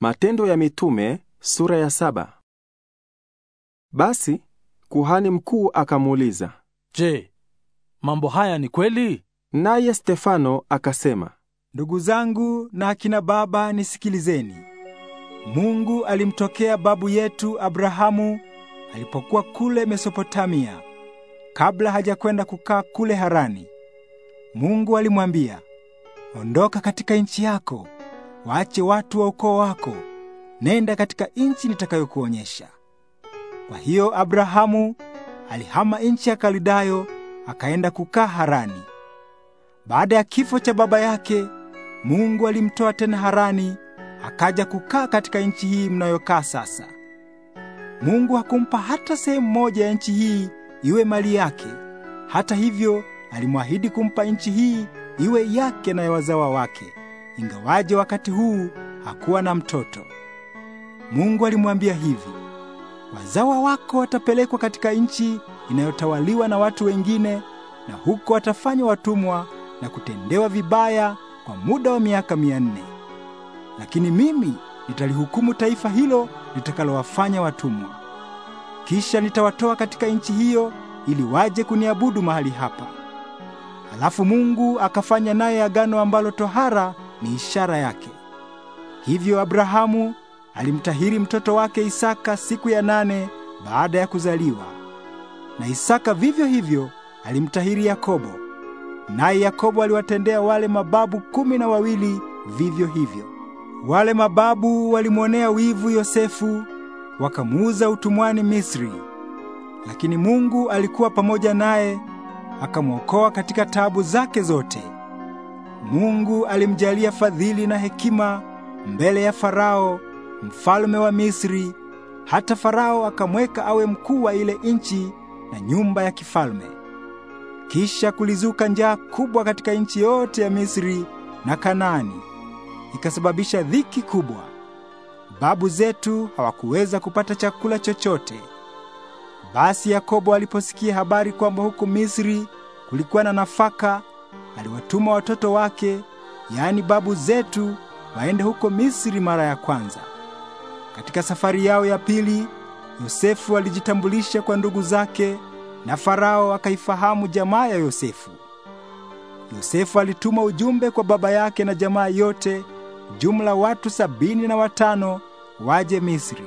Matendo ya Mitume sura ya saba. Basi kuhani mkuu akamuuliza, "Je, mambo haya ni kweli?" Naye Stefano akasema, "Ndugu zangu na akina baba, nisikilizeni. Mungu alimtokea babu yetu Abrahamu alipokuwa kule Mesopotamia, kabla hajakwenda kukaa kule Harani. Mungu alimwambia, "Ondoka katika nchi yako waache watu wa ukoo wako, nenda katika nchi nitakayokuonyesha. Kwa hiyo Abrahamu alihama nchi ya Kalidayo akaenda kukaa Harani. Baada ya kifo cha baba yake, Mungu alimtoa tena Harani akaja kukaa katika nchi hii mnayokaa sasa. Mungu hakumpa hata sehemu moja ya nchi hii iwe mali yake. Hata hivyo, alimwahidi kumpa nchi hii iwe yake na ya wazawa wake ingawaje wakati huu hakuwa na mtoto. Mungu alimwambia hivi: wazawa wako watapelekwa katika nchi inayotawaliwa na watu wengine, na huko watafanywa watumwa na kutendewa vibaya kwa muda wa miaka mia nne. Lakini mimi nitalihukumu taifa hilo litakalowafanya watumwa, kisha nitawatoa katika nchi hiyo ili waje kuniabudu mahali hapa. Halafu Mungu akafanya naye agano ambalo tohara ni ishara yake. Hivyo Abrahamu alimtahiri mtoto wake Isaka siku ya nane baada ya kuzaliwa, na Isaka vivyo hivyo alimtahiri Yakobo, naye Yakobo aliwatendea wale mababu kumi na wawili vivyo hivyo. Wale mababu walimwonea wivu Yosefu, wakamuuza utumwani Misri, lakini Mungu alikuwa pamoja naye akamwokoa katika taabu zake zote. Mungu alimjalia fadhili na hekima mbele ya Farao, mfalme wa Misri, hata Farao akamweka awe mkuu wa ile nchi na nyumba ya kifalme. Kisha kulizuka njaa kubwa katika nchi yote ya Misri na Kanaani, ikasababisha dhiki kubwa. Babu zetu hawakuweza kupata chakula chochote. Basi Yakobo aliposikia habari kwamba huko Misri kulikuwa na nafaka aliwatuma watoto wake, yaani babu zetu, waende huko Misri mara ya kwanza. Katika safari yao ya pili, Yosefu alijitambulisha kwa ndugu zake na Farao akaifahamu jamaa ya Yosefu. Yosefu alituma ujumbe kwa baba yake na jamaa yote, jumla watu sabini na watano waje Misri.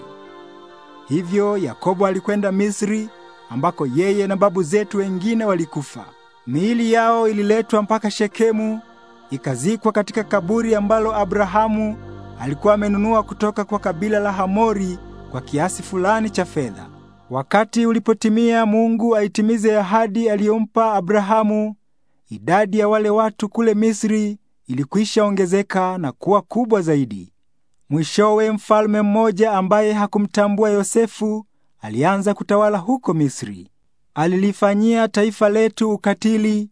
Hivyo Yakobo alikwenda Misri ambako yeye na babu zetu wengine walikufa. Miili yao ililetwa mpaka Shekemu ikazikwa katika kaburi ambalo Abrahamu alikuwa amenunua kutoka kwa kabila la Hamori kwa kiasi fulani cha fedha. Wakati ulipotimia Mungu aitimize ahadi aliyompa Abrahamu, idadi ya wale watu kule Misri ilikwisha ongezeka na kuwa kubwa zaidi. Mwishowe mfalme mmoja ambaye hakumtambua Yosefu alianza kutawala huko Misri alilifanyia taifa letu ukatili,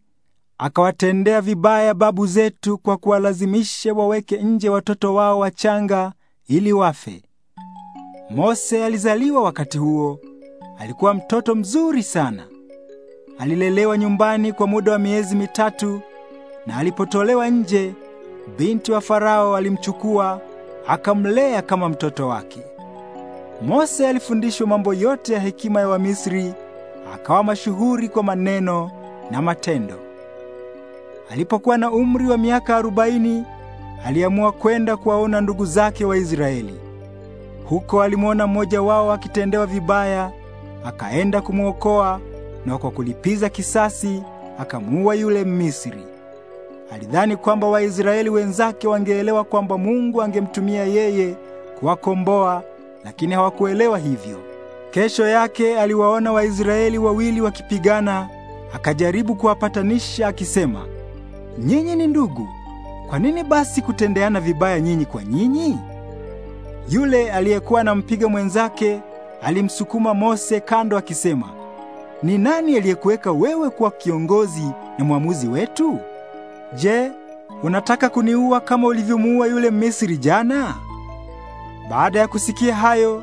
akawatendea vibaya babu zetu kwa kuwalazimisha waweke nje watoto wao wachanga ili wafe. Mose alizaliwa wakati huo, alikuwa mtoto mzuri sana. Alilelewa nyumbani kwa muda wa miezi mitatu, na alipotolewa nje, binti wa Farao alimchukua akamlea kama mtoto wake. Mose alifundishwa mambo yote ya hekima ya Wamisri akawa mashuhuri kwa maneno na matendo. Alipokuwa na umri wa miaka arobaini, aliamua kwenda kuwaona ndugu zake wa Israeli. Huko alimwona mmoja wao akitendewa vibaya, akaenda kumwokoa na kwa kulipiza kisasi akamuua yule Misri. Alidhani kwamba Waisraeli wenzake wangeelewa kwamba Mungu angemtumia yeye kuwakomboa, lakini hawakuelewa hivyo. Kesho yake aliwaona Waisraeli wawili wakipigana, akajaribu kuwapatanisha akisema, nyinyi ni ndugu, kwa nini basi kutendeana vibaya nyinyi kwa nyinyi? Yule aliyekuwa anampiga mwenzake alimsukuma Mose kando akisema, ni nani aliyekuweka wewe kuwa kiongozi na mwamuzi wetu? Je, unataka kuniua kama ulivyomuua yule Misri jana? Baada ya kusikia hayo,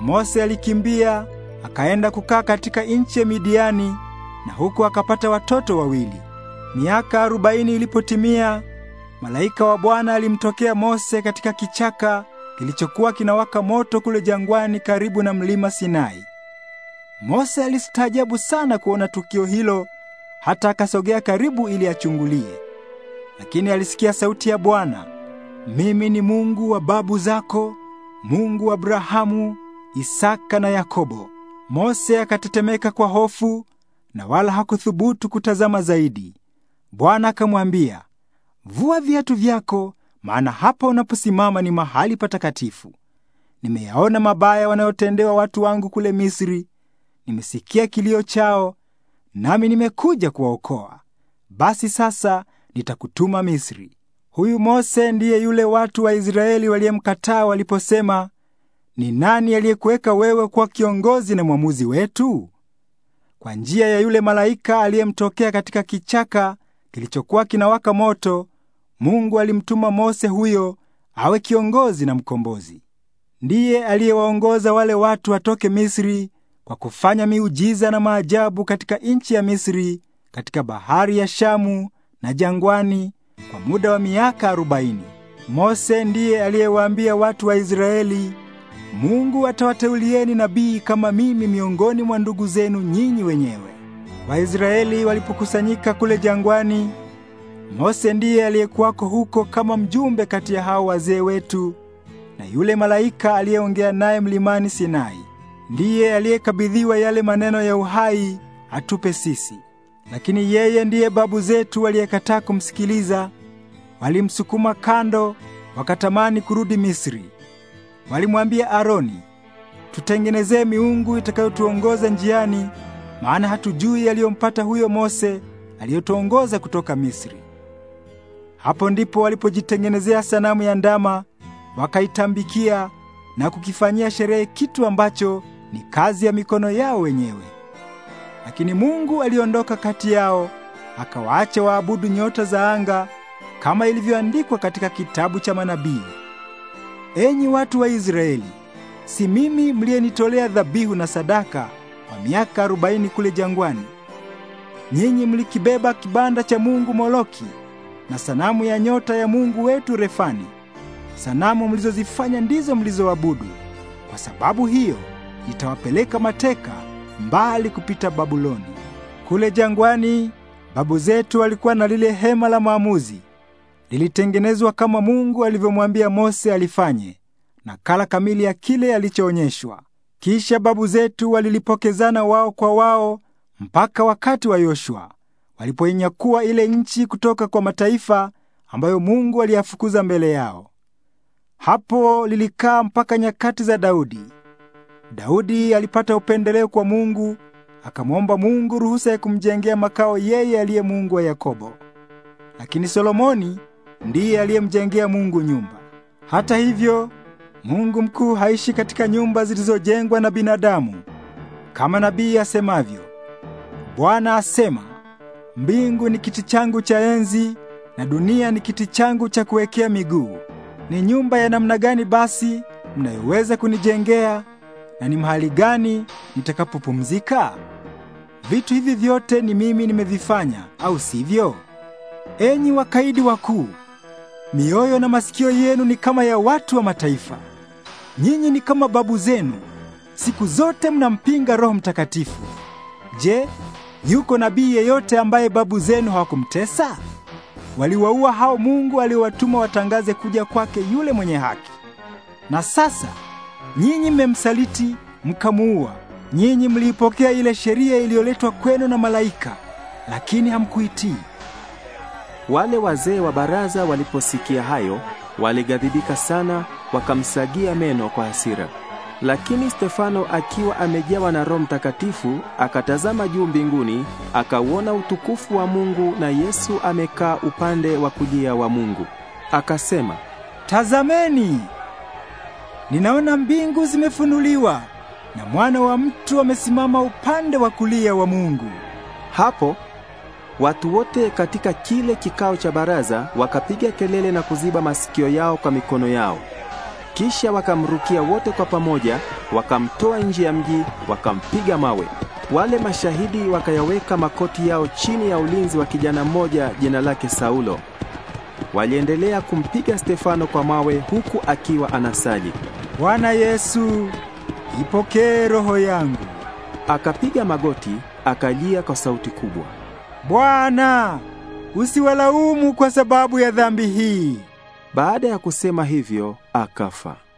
Mose alikimbia akaenda kukaa katika nchi ya Midiani, na huko akapata watoto wawili. Miaka arobaini ilipotimia, malaika wa Bwana alimtokea Mose katika kichaka kilichokuwa kinawaka moto kule jangwani karibu na mlima Sinai. Mose alistaajabu sana kuona tukio hilo, hata akasogea karibu ili achungulie. Lakini alisikia sauti ya Bwana, mimi ni Mungu wa babu zako, Mungu wa Abrahamu, Isaka na Yakobo. Mose akatetemeka kwa hofu na wala hakuthubutu kutazama zaidi. Bwana akamwambia, vua viatu vyako, maana hapa unaposimama ni mahali patakatifu. Nimeyaona mabaya wanayotendewa watu wangu kule Misri, nimesikia kilio chao, nami nimekuja kuwaokoa. Basi sasa nitakutuma Misri. Huyu Mose ndiye yule watu wa Israeli waliyemkataa waliposema, ni nani aliyekuweka wewe kuwa kiongozi na mwamuzi wetu? Kwa njia ya yule malaika aliyemtokea katika kichaka kilichokuwa kinawaka moto, Mungu alimtuma Mose huyo awe kiongozi na mkombozi. Ndiye aliyewaongoza wale watu watoke Misri kwa kufanya miujiza na maajabu katika nchi ya Misri, katika bahari ya Shamu na jangwani kwa muda wa miaka arobaini. Mose ndiye aliyewaambia watu wa Israeli Mungu atawateulieni nabii kama mimi miongoni mwa ndugu zenu nyinyi wenyewe. Waisraeli walipokusanyika kule jangwani, Mose ndiye aliyekuwako huko kama mjumbe kati ya hao wazee wetu, na yule malaika aliyeongea naye mlimani Sinai ndiye aliyekabidhiwa yale maneno ya uhai atupe sisi. Lakini yeye ndiye babu zetu waliyekataa kumsikiliza, walimsukuma kando, wakatamani kurudi Misri walimwambia Aroni, tutengenezee miungu itakayotuongoza njiani, maana hatujui yaliyompata huyo Mose aliyotuongoza kutoka Misri. Hapo ndipo walipojitengenezea sanamu ya ndama, wakaitambikia na kukifanyia sherehe kitu ambacho ni kazi ya mikono yao wenyewe. Lakini Mungu aliondoka kati yao, akawaacha waabudu nyota za anga kama ilivyoandikwa katika kitabu cha manabii. Enyi watu wa Israeli, si mimi mliyenitolea dhabihu na sadaka kwa miaka arobaini kule jangwani? Nyinyi mlikibeba kibanda cha mungu Moloki na sanamu ya nyota ya mungu wetu Refani. Sanamu mlizozifanya ndizo mlizoabudu. Kwa sababu hiyo nitawapeleka mateka mbali kupita Babuloni. Kule jangwani babu zetu walikuwa na lile hema la maamuzi lilitengenezwa kama Mungu alivyomwambia Mose alifanye, nakala kamili ya kile alichoonyeshwa. Kisha babu zetu walilipokezana wao kwa wao mpaka wakati wa Yoshua walipoinyakua ile nchi kutoka kwa mataifa ambayo Mungu aliyafukuza mbele yao. Hapo lilikaa mpaka nyakati za Daudi. Daudi alipata upendeleo kwa Mungu, akamwomba Mungu ruhusa ya kumjengea makao yeye aliye Mungu wa Yakobo. Lakini Solomoni ndiye aliyemjengea Mungu nyumba. Hata hivyo, Mungu mkuu haishi katika nyumba zilizojengwa na binadamu. Kama nabii asemavyo, Bwana asema, mbingu ni kiti changu cha enzi na dunia ni kiti changu cha kuwekea miguu. Ni nyumba ya namna gani basi mnayoweza kunijengea, na ni mahali gani nitakapopumzika? Vitu hivi vyote ni mimi nimevifanya, au sivyo? Enyi wakaidi wakuu, Mioyo na masikio yenu ni kama ya watu wa mataifa. Nyinyi ni kama babu zenu, siku zote mnampinga Roho Mtakatifu. Je, yuko nabii yeyote ambaye babu zenu hawakumtesa? Waliwaua hao Mungu aliowatuma watangaze kuja kwake yule mwenye haki. Na sasa nyinyi mmemsaliti mkamuua. Nyinyi mliipokea ile sheria iliyoletwa kwenu na malaika, lakini hamkuitii. Wale wazee wa baraza waliposikia hayo, waligadhibika sana, wakamsagia meno kwa hasira. Lakini Stefano akiwa amejawa na Roho Mtakatifu, akatazama juu mbinguni, akauona utukufu wa Mungu na Yesu amekaa upande wa kulia wa Mungu. Akasema, "Tazameni! Ninaona mbingu zimefunuliwa na mwana wa mtu amesimama upande wa kulia wa Mungu." Hapo Watu wote katika kile kikao cha baraza wakapiga kelele na kuziba masikio yao kwa mikono yao. Kisha wakamrukia wote kwa pamoja, wakamtoa nje ya mji, wakampiga mawe. Wale mashahidi wakayaweka makoti yao chini ya ulinzi wa kijana mmoja jina lake Saulo. Waliendelea kumpiga Stefano kwa mawe huku akiwa anasali, Bwana Yesu, ipokee roho yangu. Akapiga magoti, akalia kwa sauti kubwa. Bwana, usiwalaumu kwa sababu ya dhambi hii. Baada ya kusema hivyo, akafa.